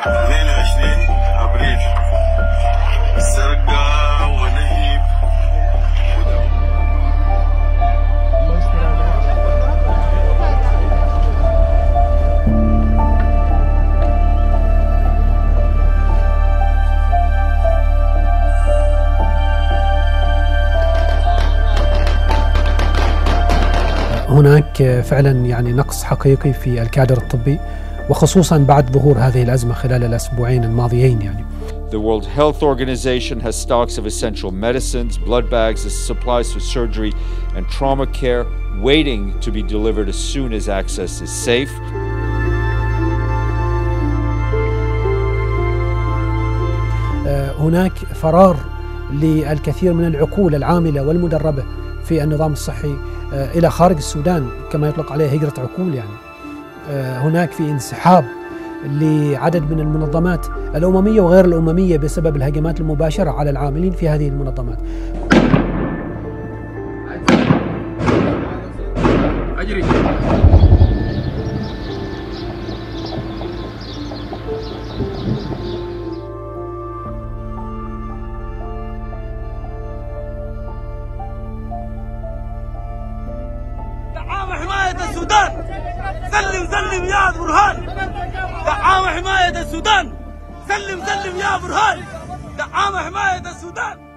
22 ابريل سرقه ونهيب هناك فعلا يعني نقص حقيقي في الكادر الطبي وخصوصا بعد ظهور هذه الأزمة خلال الأسبوعين الماضيين يعني The World Health Organization has stocks of essential medicines, blood bags, supplies for surgery and trauma care waiting to be delivered as soon as access is safe. هناك فرار للكثير من العقول العاملة والمدربة في النظام الصحي إلى خارج السودان كما يطلق عليه هجرة عقول يعني آه، هناك في انسحاب لعدد من المنظمات الأممية وغير الأممية بسبب الهجمات المباشرة على العاملين في هذه المنظمات أجري حماية السودان سلم يا برهان دعامة حماية السودان سلم سلم يا برهان دعامة حماية السودان